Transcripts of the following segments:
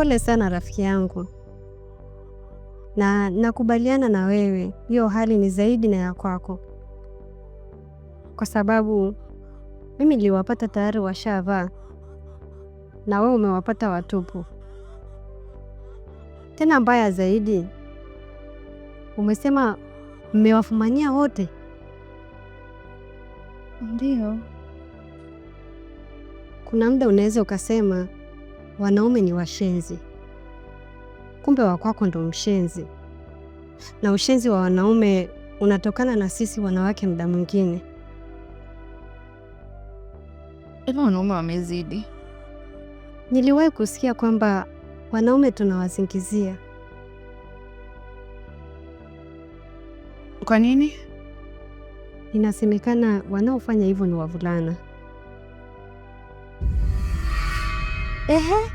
Pole sana rafiki yangu, na nakubaliana na wewe, hiyo hali ni zaidi na ya kwako, kwa sababu mimi niliwapata tayari washavaa, na wewe umewapata watupu. Tena mbaya zaidi, umesema mmewafumania wote? ndio Kuna muda unaweza ukasema wanaume ni washenzi, kumbe wakwako ndo mshenzi. Na ushenzi wa wanaume unatokana na sisi wanawake muda mwingine. Ila wanaume wamezidi. Niliwahi kusikia kwamba wanaume tunawazingizia. Kwa nini? Inasemekana wanaofanya hivyo ni wavulana. Ehe,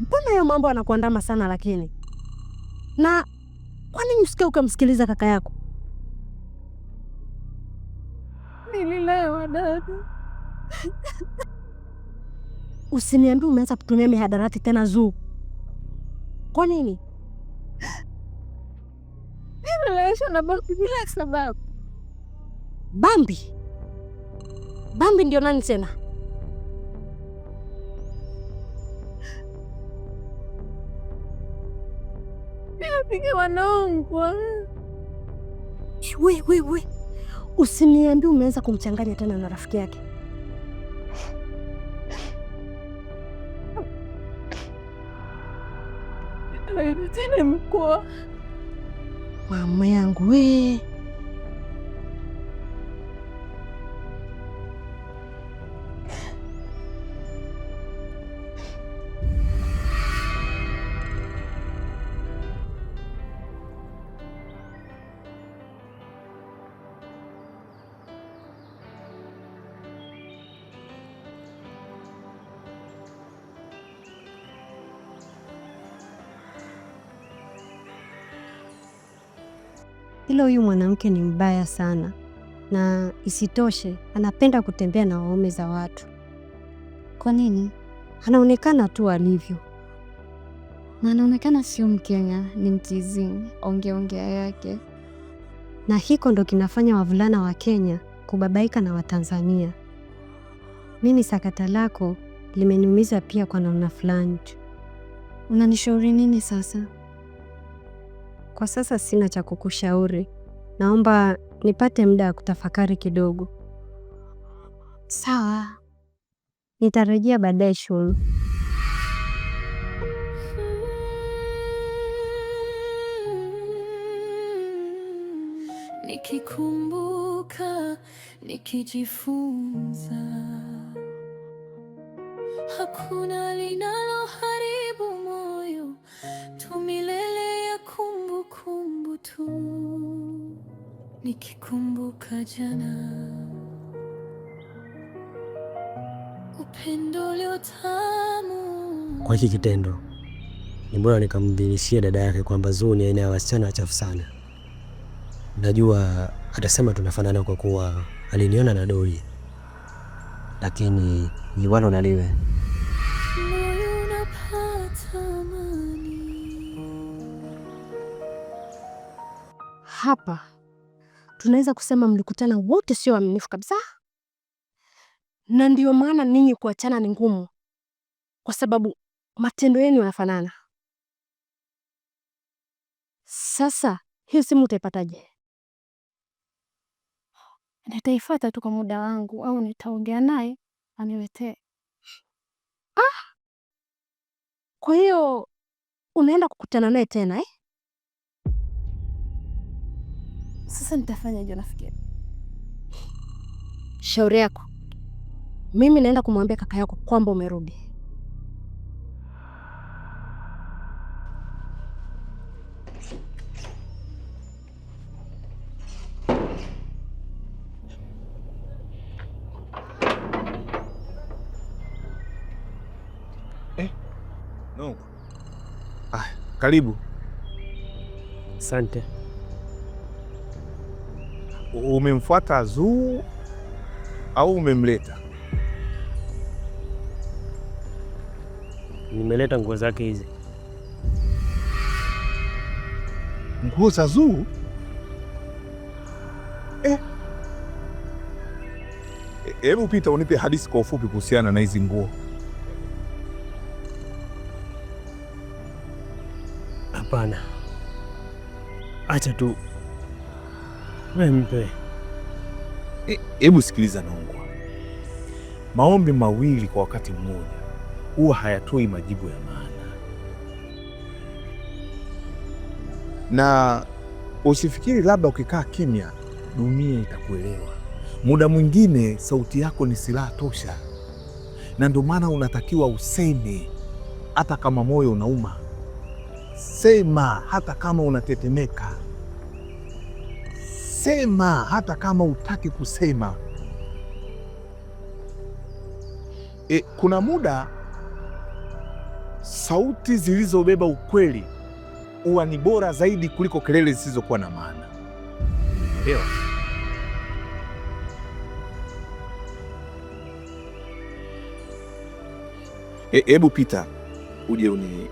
mbona hiyo mambo anakuandama sana lakini? Na kwa nini usikie ukamsikiliza kaka yako? Nililewa dada. Usiniambie umeanza kutumia mihadarati tena zuu. Kwa nini? Nilileweshwa na Bambi bila sababu. Bambi? Bambi ndio nani tena? wapige wanaongwa. Ah. We, we, we. Usiniambie umeanza kumchanganya tena na rafiki yake. Tena mkoa mama yangu we ila huyu mwanamke ni mbaya sana, na isitoshe anapenda kutembea na waume za watu. Kwa nini? Anaonekana tu alivyo, na anaonekana sio Mkenya, ni mtizi ongeongea yake, na hiko ndo kinafanya wavulana wa Kenya kubabaika na Watanzania. Mimi sakata lako limeniumiza pia kwa namna fulani. Unanishauri nini sasa? Kwa sasa sina cha kukushauri, naomba nipate muda wa kutafakari kidogo. Sawa, nitarejea baadaye shule. Nikikumbuka, nikijifunza, hakuna linaloharibu moyo tu nikikumbuka jana, upendo uliotamu. Kwa hiki kitendo ni bora nikamdhihirishia dada yake kwamba zuu ni aina ya wasichana wachafu sana. Najua atasema tunafanana kwa kuwa aliniona na doi lakini ni walo naliwe hapa tunaweza kusema mlikutana wote sio waaminifu kabisa, na ndiyo maana ninyi kuachana ni ngumu, kwa sababu matendo yenu yanafanana. Sasa hiyo simu utaipataje? Nitaifata tu kwa muda wangu, au nitaongea naye aniletee. Ah, kwa hiyo unaenda kukutana naye tena eh? Sasa nitafanyaje? Nafikiri shauri yako. Mimi naenda kumwambia kaka yako kwamba umerudi. Eh, karibu. Asante umemfuata Zuu au umemleta? Nimeleta nguo zake hizi. Nguo za Zuu? Eh. Hebu eh, Pita, unipe hadithi kwa ufupi kuhusiana na hizi nguo. Hapana, acha tu We mpe. Hebu e, sikiliza nongwa, maombi mawili kwa wakati mmoja huwa hayatoi majibu ya maana, na usifikiri labda ukikaa kimya dunia itakuelewa. Muda mwingine sauti yako ni silaha tosha, na ndio maana unatakiwa useme, hata kama moyo unauma. Sema hata kama unatetemeka sema hata kama utaki kusema. E, kuna muda sauti zilizobeba ukweli huwa ni bora zaidi kuliko kelele zisizokuwa na maana. Ndio. E, hebu e, pita uje uni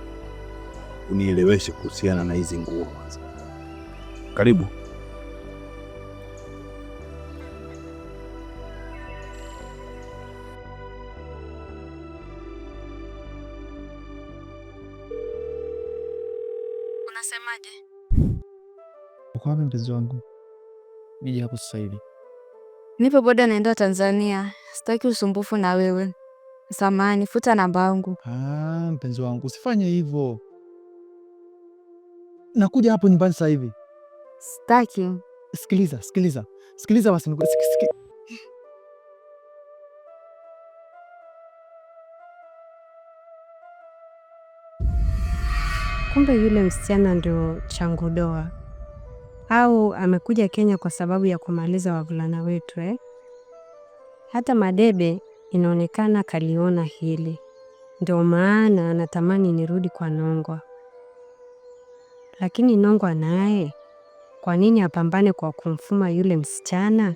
unieleweshe kuhusiana na hizi nguo Karibu. Unasemaje? Uko wapi mpenzi wangu? Nije hapo sasa hivi. Nipo boda, naenda Tanzania. Sitaki usumbufu na wewe. samani futa namba yangu. Ah, mpenzi wangu usifanye hivyo. Nakuja hapo nyumbani sasa hivi. Sitaki. Sikiliza, sikiliza, sikiliza basi. Sikiliza. kumbe yule msichana ndio Changudoa au amekuja Kenya kwa sababu ya kumaliza wavulana wetu eh? Hata Madebe inaonekana kaliona hili, ndio maana anatamani nirudi kwa Nongwa. Lakini Nongwa naye kwa nini apambane kwa kumfuma yule msichana?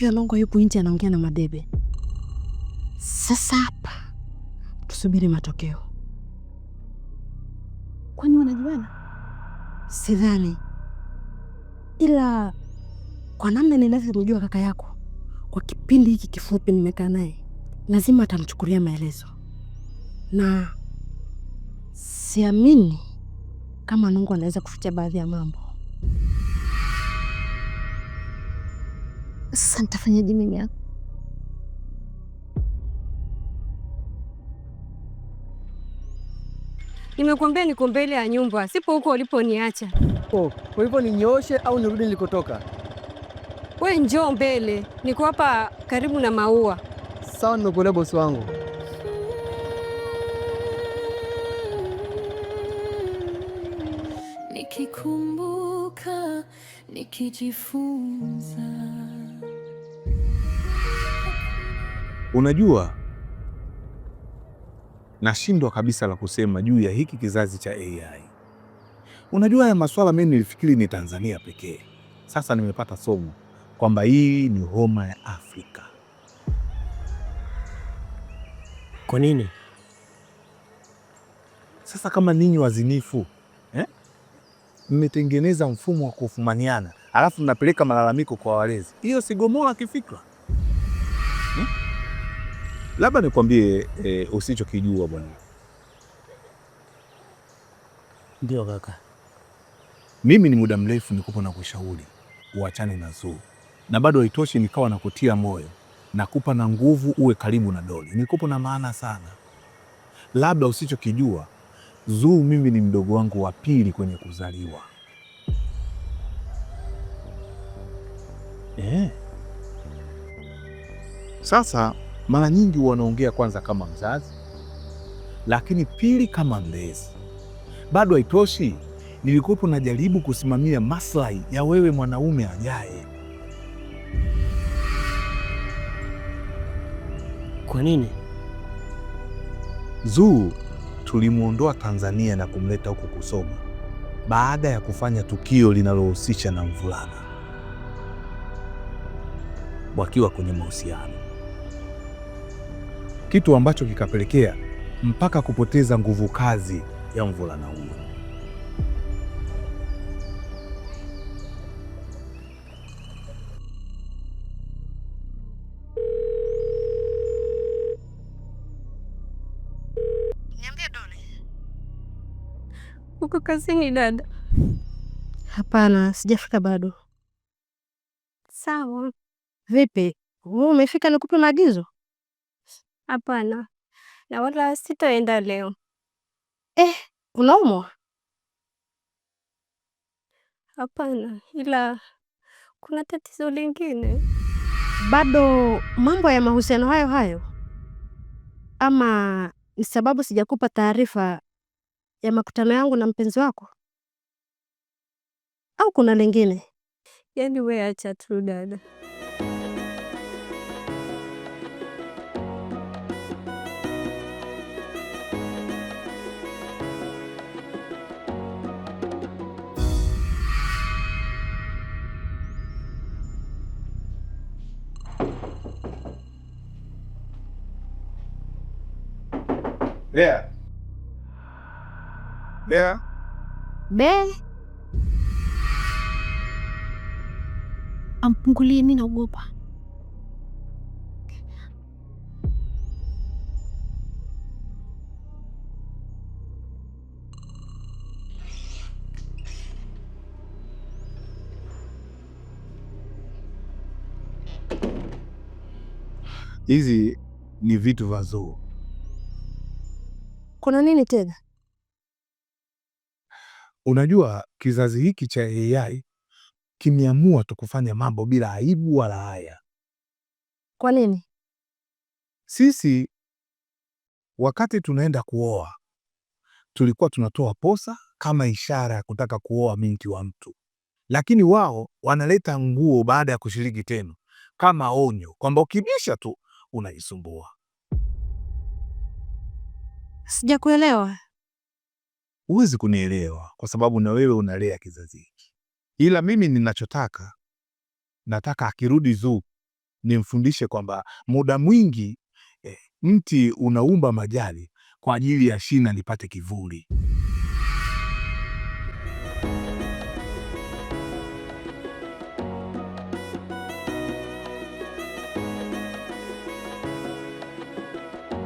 huyo Longo yupo nje anaongea na Madebe. Sasa hapa tusubiri matokeo. Kwani wanajuana? Sidhani, ila kwa namna ninavyomjua kaka yako, kwa kipindi hiki kifupi nimekaa naye, lazima atamchukulia maelezo, na siamini kama Nungu anaweza kuficha baadhi ya mambo. Sasa nitafanyaje mimi hapa? Nimekuambia niko mbele ya nyumba, sipo huko uliponiacha. Oh, kwa hivyo ninyooshe au nirudi nilikotoka? We njoo mbele, niko hapa karibu na maua. Sawa, nimekuelewa bosi wangu. Nikikumbuka nikijifunza Unajua, nashindwa kabisa la kusema juu ya hiki kizazi cha AI. Unajua, haya maswala mimi nilifikiri ni Tanzania pekee. Sasa nimepata somo kwamba hii ni homa ya Afrika. Kwa nini sasa, kama ninyi wazinifu eh, mmetengeneza eh, mfumo wa kufumaniana alafu mnapeleka malalamiko kwa walezi, hiyo si gomola kifikra? labda nikwambie e, usichokijua bwana. Ndio kaka, mimi ni muda mrefu nikupo na kushauri uachane na Zuu, na bado haitoshi nikawa nakutia moyo, nakupa na nguvu uwe karibu na Doli, nikupo na maana sana. Labda usichokijua Zuu, mimi ni mdogo wangu wa pili kwenye kuzaliwa eh. Sasa mara nyingi wanaongea kwanza kama mzazi, lakini pili kama mlezi. Bado haitoshi, nilikuwepo najaribu kusimamia maslahi ya wewe mwanaume ajaye. Kwa nini Zuu tulimwondoa Tanzania na kumleta huku kusoma baada ya kufanya tukio linalohusisha na mvulana wakiwa kwenye mahusiano? kitu ambacho kikapelekea mpaka kupoteza nguvu kazi ya mvulana huyo. uko kazini dada? Hapana, sijafika bado. Sawa. Vipi, wewe umefika, nikupe maagizo? Hapana, na wala sitaenda leo. Eh, unaumwa? Hapana, ila kuna tatizo lingine bado. Mambo ya mahusiano hayo hayo, ama ni sababu sijakupa taarifa ya makutano yangu na mpenzi wako, au kuna lingine? Yaani we acha tu dada. Bea. Bea. Bea. Ampungulie, mimi naogopa. Hizi ni vitu vya zoo. Kuna nini tena? Unajua kizazi hiki cha AI kimeamua tu kufanya mambo bila aibu wala haya. Kwa nini? Sisi wakati tunaenda kuoa tulikuwa tunatoa posa kama ishara ya kutaka kuoa binti wa mtu, lakini wao wanaleta nguo baada ya kushiriki tena, kama onyo kwamba ukibisha tu unaisumbua Sijakuelewa. Huwezi kunielewa kwa sababu na wewe unalea kizazi hiki, ila mimi ninachotaka, nataka akirudi Zuu nimfundishe kwamba muda mwingi eh, mti unaumba majani kwa ajili ya shina lipate kivuli.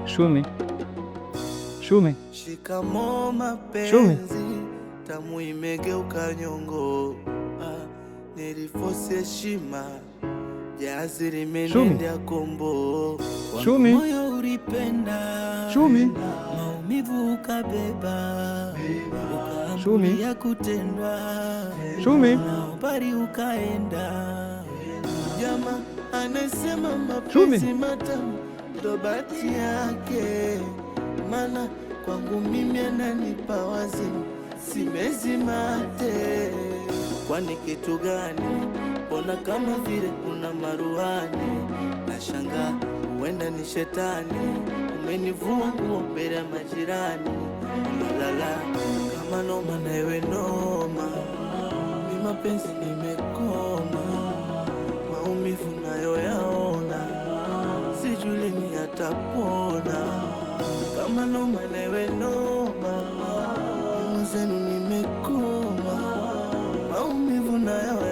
Shumi. Shume, shikamo mapenzi, tamu imegeuka nyongo, ah, nilifosi heshima, jazi limenenda kombo, moyo ulipenda, maumivu ukabeba, ukaamua kutendwa, pari ukaenda, jama anasema mapenzi matamu ndo bahati yake, mana kwangu mimi ananipa wazimu, simezimate kwani kitu gani? Mbona kama vile kuna maruani, nashangaa huenda ni shetani umenivua nguo mbele ya majirani. Lalala kama noma, nawe noma, mi mapenzi nimekoma, maumivu nayoyaona sijui lini yatapona. Noma noma lewe noma, mzenu nimekoma, maumivu nayo